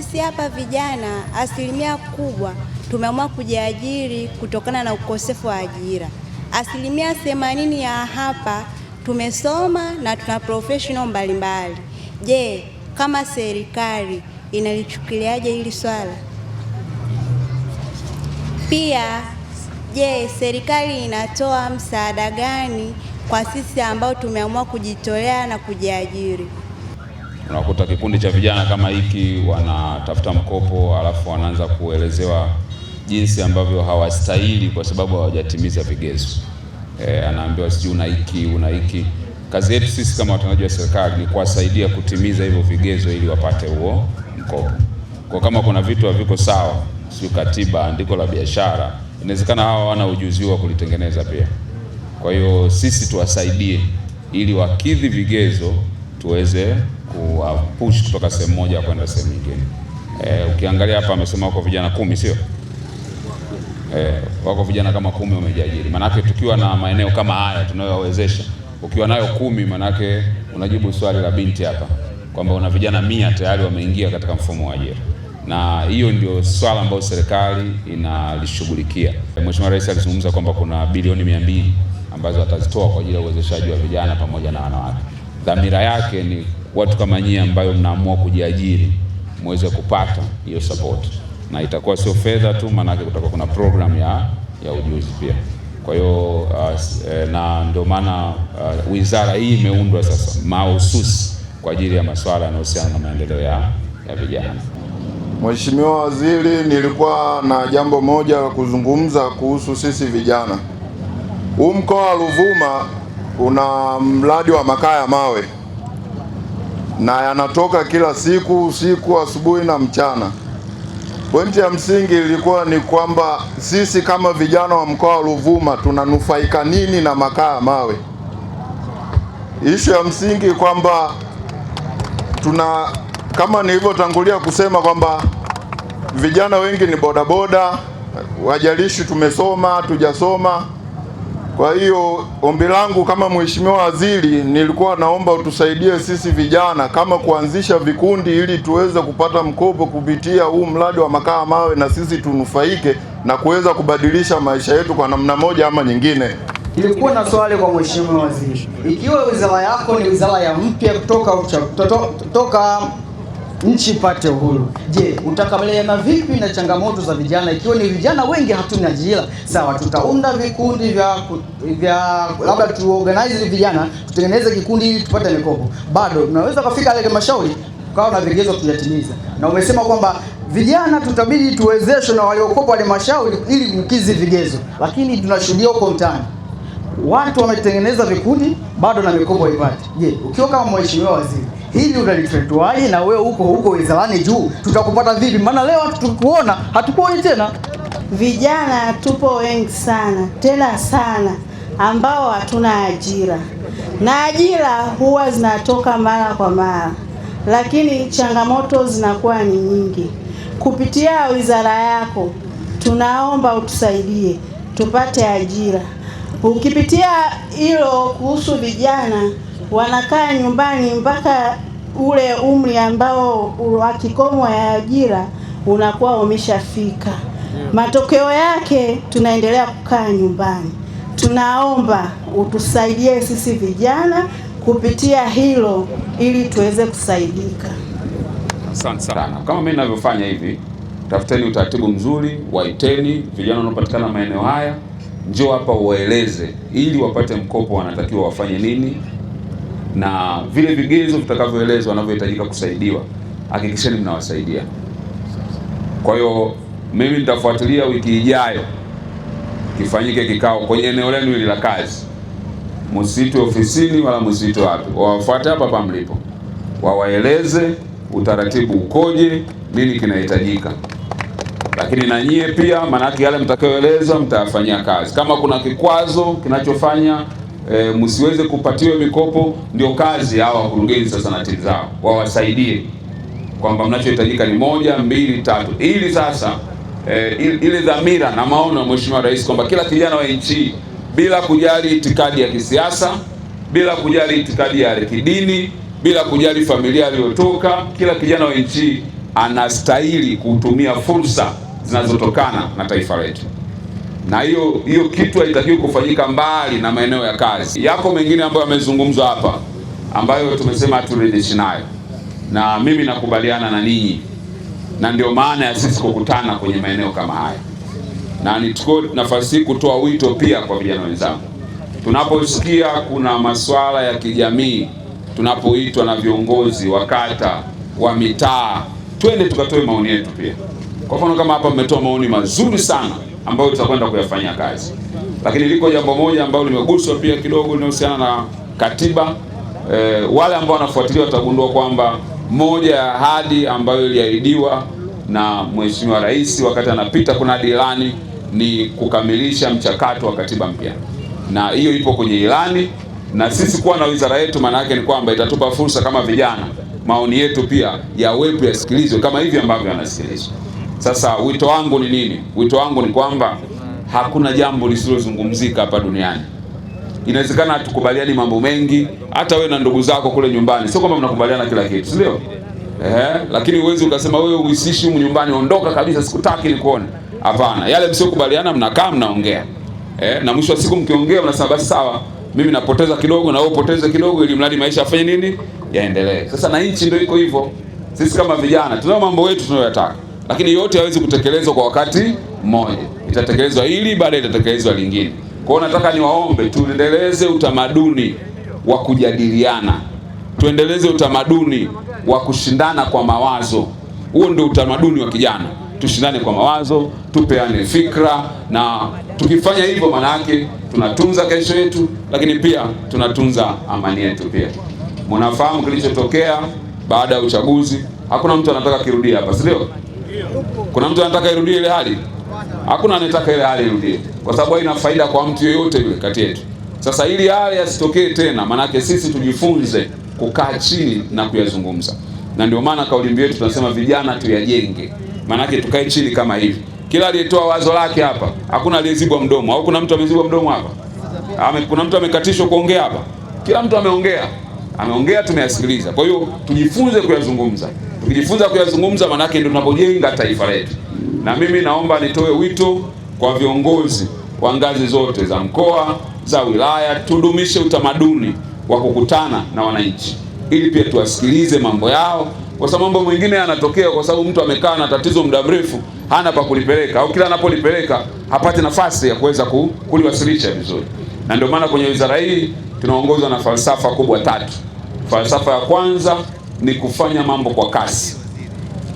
Sisi hapa vijana asilimia kubwa tumeamua kujiajiri kutokana na ukosefu wa ajira. Asilimia themanini ya hapa tumesoma na tuna professional mbalimbali. Je, kama serikali inalichukuliaje hili swala? Pia je, serikali inatoa msaada gani kwa sisi ambao tumeamua kujitolea na kujiajiri? unakuta kikundi cha vijana kama hiki wanatafuta mkopo alafu wanaanza kuelezewa jinsi ambavyo hawastahili kwa sababu hawajatimiza vigezo. E, anaambiwa sijui una hiki una hiki. Kazi yetu sisi kama watendaji wa serikali ni kuwasaidia kutimiza hivyo vigezo ili wapate huo mkopo. Kwa kama kuna vitu haviko sawa, sio katiba, andiko la biashara, inawezekana hawa hawana ujuzi wa kulitengeneza pia. Kwa hiyo sisi tuwasaidie ili wakidhi vigezo tuweze kuwapush uh, kutoka sehemu moja kwenda sehemu nyingine. E, ukiangalia hapa amesema wako vijana kumi, sio e, wako vijana kama kumi wamejiajiri. Maanake tukiwa na maeneo kama haya tunayowawezesha, ukiwa nayo kumi, maanake unajibu swali la binti hapa kwamba una vijana mia tayari wameingia katika mfumo wa ajira na hiyo ndio swala ambayo serikali inalishughulikia. Mheshimiwa Rais alizungumza kwamba kuna bilioni mia mbili ambazo atazitoa kwa ajili ya uwezeshaji wa vijana pamoja na wanawake. Dhamira yake ni watu kama nyie ambayo mnaamua kujiajiri muweze kupata hiyo support, na itakuwa sio fedha tu, maanake kutakuwa kuna program ya, ya ujuzi pia. Kwa hiyo uh, eh, na ndio maana uh, wizara hii imeundwa sasa mahususi kwa ajili ya masuala yanayohusiana na maendeleo ya, ya vijana. Mheshimiwa Waziri, nilikuwa na jambo moja la kuzungumza kuhusu sisi vijana. Huu mkoa wa Ruvuma una mradi wa makaa ya mawe na yanatoka kila siku usiku, asubuhi na mchana. Pointi ya msingi ilikuwa ni kwamba sisi kama vijana wa mkoa wa Ruvuma tunanufaika nini na makaa ya mawe. Ishu ya msingi kwamba tuna kama nilivyotangulia kusema kwamba vijana wengi ni bodaboda, wajalishi tumesoma tujasoma kwa hiyo ombi langu kama mheshimiwa waziri, nilikuwa naomba utusaidie sisi vijana kama kuanzisha vikundi ili tuweze kupata mkopo kupitia huu mradi wa makaa mawe, na sisi tunufaike na kuweza kubadilisha maisha yetu kwa namna moja ama nyingine. Nilikuwa na swali kwa mheshimiwa waziri, ikiwa wizara yako ni wizara ya mpya kutoka kutoka nchi ipate uhuru. Je, utakabiliana vipi na changamoto za vijana ikiwa ni vijana wengi hatuna ajira? Sawa, tutaunda vikundi vya vya labda tuorganize vijana, tutengeneze kikundi ili tupate mikopo. Bado tunaweza kufika ile halmashauri tukawa na vigezo tujatimiza, na umesema kwamba vijana tutabidi tuwezeshwe na waliokopa halmashauri ili kukizi vigezo, lakini tunashuhudia huko mtaani watu wametengeneza vikundi bado na mikopo haipati. Je, ukiwa kama mheshimiwa waziri hili unalitetuaje? Na wewe huko huko wizarani juu, tutakupata vipi? Maana leo hatukuona, hatukuoni tena. Vijana tupo wengi sana tena sana, ambao hatuna ajira na ajira huwa zinatoka mara kwa mara, lakini changamoto zinakuwa ni nyingi. Kupitia wizara yako, tunaomba utusaidie tupate ajira. Ukipitia hilo kuhusu vijana wanakaa nyumbani mpaka ule umri ambao wa kikomo ya ajira unakuwa umeshafika. Matokeo yake tunaendelea kukaa nyumbani. Tunaomba utusaidie sisi vijana kupitia hilo ili tuweze kusaidika. Asante sana. Kama mimi ninavyofanya hivi, tafuteni utaratibu mzuri, waiteni vijana wanaopatikana maeneo haya, njoo hapa uwaeleze, ili wapate mkopo wanatakiwa wafanye nini na vile vigezo vitakavyoelezwa wanavyohitajika kusaidiwa, hakikisheni mnawasaidia. Kwa hiyo mimi nitafuatilia wiki ijayo kifanyike kikao kwenye eneo lenu hili la kazi, msitu ofisini wala msitu wapi, wawafuate hapa hapa mlipo, wawaeleze utaratibu ukoje, nini kinahitajika lakini na nyie pia, maanake yale mtakayoeleza mtayafanyia kazi. Kama kuna kikwazo kinachofanya e, msiweze kupatiwa mikopo. Ndio kazi hawa wakurugenzi sasa na timu zao wawasaidie kwamba mnachohitajika ni moja, mbili, tatu, ili sasa e, ile dhamira na maono ya Mheshimiwa Rais kwamba kila kijana wa nchi bila kujali itikadi ya kisiasa, bila kujali itikadi ya kidini, bila kujali familia aliyotoka, kila kijana wa nchi anastahili kutumia fursa zinazotokana na taifa letu na hiyo hiyo kitu haitakiwi kufanyika mbali na maeneo ya kazi. Yako mengine ambayo yamezungumzwa hapa ambayo tumesema haturidhishi nayo, na mimi nakubaliana na ninyi, na ndio maana ya sisi kukutana kwenye maeneo kama haya, na nichukue nafasi hii kutoa wito pia kwa vijana wenzangu, tunaposikia kuna masuala ya kijamii, tunapoitwa na viongozi wa kata, wa mitaa, twende tukatoe maoni yetu pia. Kwa mfano kama hapa mmetoa maoni mazuri sana ambayo tutakwenda kuyafanyia kazi. Lakini liko jambo moja ambalo limeguswa pia kidogo, linahusiana na katiba. E, wale ambao wanafuatilia watagundua kwamba moja ya ahadi ambayo iliahidiwa na Mheshimiwa Rais wakati anapita kuna ilani ni kukamilisha mchakato wa katiba mpya, na hiyo ipo kwenye ilani, na sisi kuwa na wizara yetu maana yake ni kwamba itatupa fursa kama vijana, maoni yetu pia yawepo yasikilizwe kama hivi ambavyo yanasikilizwa. Sasa wito wangu ni nini? Wito wangu ni kwamba hakuna jambo lisilozungumzika hapa duniani. Inawezekana hatukubaliani mambo mengi, hata wewe na ndugu zako kule nyumbani, sio kwamba mnakubaliana kila kitu, si ndio? Eh, lakini uwezi ukasema wewe uisishi huko nyumbani, ondoka kabisa, sikutaki nikuone. Hapana, yale msiokubaliana mnakaa mnaongea, eh, na mwisho wa siku mkiongea mnasema basi sawa, mimi napoteza kidogo na wewe upoteze kidogo, ili mradi maisha afanye nini, yaendelee. Sasa na nchi ndio iko hivyo. Sisi kama vijana tunao mambo yetu tunayoyataka lakini yote hawezi kutekelezwa kwa wakati mmoja, itatekelezwa hili baada itatekelezwa lingine. Kwa hiyo nataka niwaombe tuendeleze utamaduni wa kujadiliana, tuendeleze utamaduni wa kushindana kwa mawazo. Huo ndio utamaduni wa kijana, tushindane kwa mawazo, tupeane fikra, na tukifanya hivyo, maana yake tunatunza kesho yetu, lakini pia tunatunza amani yetu. Pia mnafahamu kilichotokea baada ya uchaguzi, hakuna mtu anataka kirudia hapa, si ndio? Kuna mtu anataka irudie ile hali? Hakuna anataka ile hali irudie, kwa sababu haina faida kwa mtu yeyote yule kati yetu. Sasa ili hali asitokee tena, maanake sisi tujifunze kukaa chini na kuyazungumza, na ndio maana kauli mbiu yetu tunasema vijana tuyajenge, maanake tukae chini kama hivi. Kila aliyetoa wazo lake hapa, hakuna aliyezibwa mdomo. Au kuna mtu amezibwa mdomo hapa? Ame, kuna mtu amekatishwa kuongea hapa? Kila mtu ameongea, ameongea, tumeyasikiliza. Kwa hiyo tujifunze kuyazungumza. Tukijifunza kuyazungumza, manake ndio tunapojenga taifa letu. Na mimi naomba nitoe wito kwa viongozi wa ngazi zote za mkoa, za wilaya, tudumishe utamaduni wa kukutana na wananchi ili pia tuwasikilize mambo yao, kwa sababu mambo mengine yanatokea kwa sababu mtu amekaa na tatizo muda mrefu, hana pa kulipeleka, au kila anapolipeleka hapati nafasi ya kuweza kuliwasilisha vizuri. Na ndio maana kwenye wizara hii tunaongozwa na falsafa kubwa tatu. Falsafa ya kwanza ni kufanya mambo kwa kasi.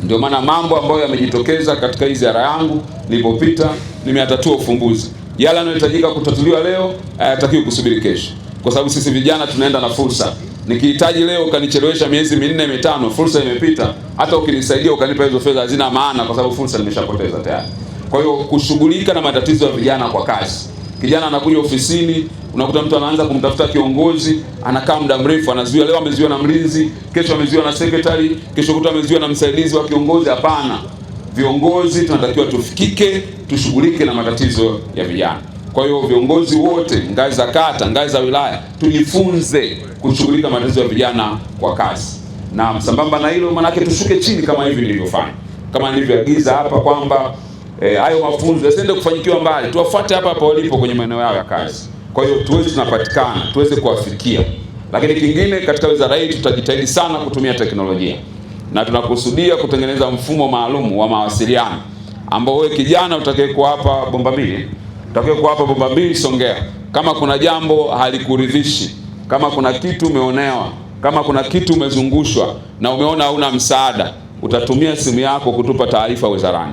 Ndio maana mambo ambayo yamejitokeza katika hii ziara yangu nilipopita, nimeyatatua ufumbuzi. Yale yanayohitajika kutatuliwa leo hayatakiwi kusubiri kesho, kwa sababu sisi vijana tunaenda na fursa. Nikihitaji leo ukanichelewesha miezi minne mitano, fursa imepita. Hata ukinisaidia ukanipa hizo fedha hazina maana, kwa sababu fursa nimeshapoteza tayari. Kwa hiyo kushughulika na matatizo ya vijana kwa kasi Kijana anakuja ofisini, unakuta mtu anaanza kumtafuta kiongozi, anakaa muda mrefu, anazuia. Leo amezuiwa na mlinzi, kesho amezuiwa na sekretari, kesho kuta amezuiwa na msaidizi wa kiongozi. Hapana, viongozi tunatakiwa tufikike, tushughulike na matatizo ya vijana. Kwa hiyo viongozi wote ngazi za kata, ngazi za wilaya, tujifunze kushughulika matatizo ya vijana kwa kasi, na sambamba na hilo, manake tushuke chini kama hivi nilivyofanya, kama nilivyoagiza hapa kwamba Eh, hayo mafunzo yasiende kufanyikiwa mbali, tuwafuate hapa hapa walipo kwenye maeneo yao ya kazi. Kwa hiyo tuweze tunapatikana, tuweze kuwafikia. Lakini kingine, katika wizara hii tutajitahidi sana kutumia teknolojia na tunakusudia kutengeneza mfumo maalum wa mawasiliano ambao wewe kijana utakayekuwa hapa bomba mbili, utakayekuwa hapa bomba mbili Songea, kama kuna jambo halikuridhishi, kama kuna kitu umeonewa, kama kuna kitu umezungushwa na umeona hauna msaada, utatumia simu yako kutupa taarifa wizarani.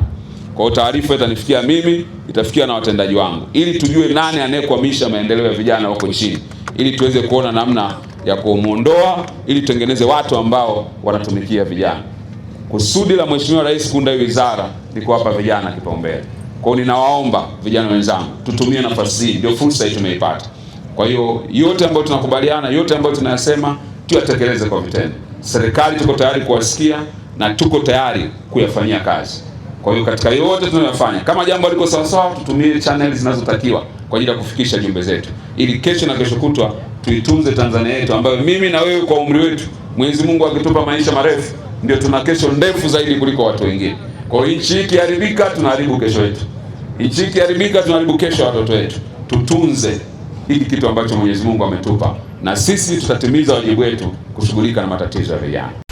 Kwa hiyo taarifa itanifikia mimi, itafikia na watendaji wangu, ili tujue nani anayekwamisha maendeleo ya vijana huko nchini, ili tuweze kuona namna ya kumwondoa, ili tutengeneze watu ambao wanatumikia vijana. Kusudi la Mheshimiwa Rais kuunda hii wizara ni kuwapa vijana kipaumbele. Kwa hiyo ninawaomba vijana wenzangu, tutumie nafasi hii, ndio fursa hii tumeipata. Kwa hiyo yote ambayo tunakubaliana, yote ambayo tunayasema, tuyatekeleze kwa vitendo. Serikali tuko tayari kuwasikia na tuko tayari kuyafanyia kazi. Kwa hiyo katika yote tunayofanya, kama jambo liko sawa sawa, tutumie channel zinazotakiwa kwa ajili ya kufikisha jumbe zetu, ili kesho na kesho kutwa tuitunze Tanzania yetu ambayo mimi na wewe kwa umri wetu, Mwenyezi Mungu akitupa maisha marefu, ndio tuna kesho ndefu zaidi kuliko watu wengine. Kwa hiyo nchi ikiharibika, tunaharibu kesho yetu. Nchi ikiharibika, tunaharibu kesho ya watoto wetu. Tutunze hiki kitu ambacho Mwenyezi Mungu ametupa, na sisi tutatimiza wajibu wetu kushughulika na matatizo ya vijana.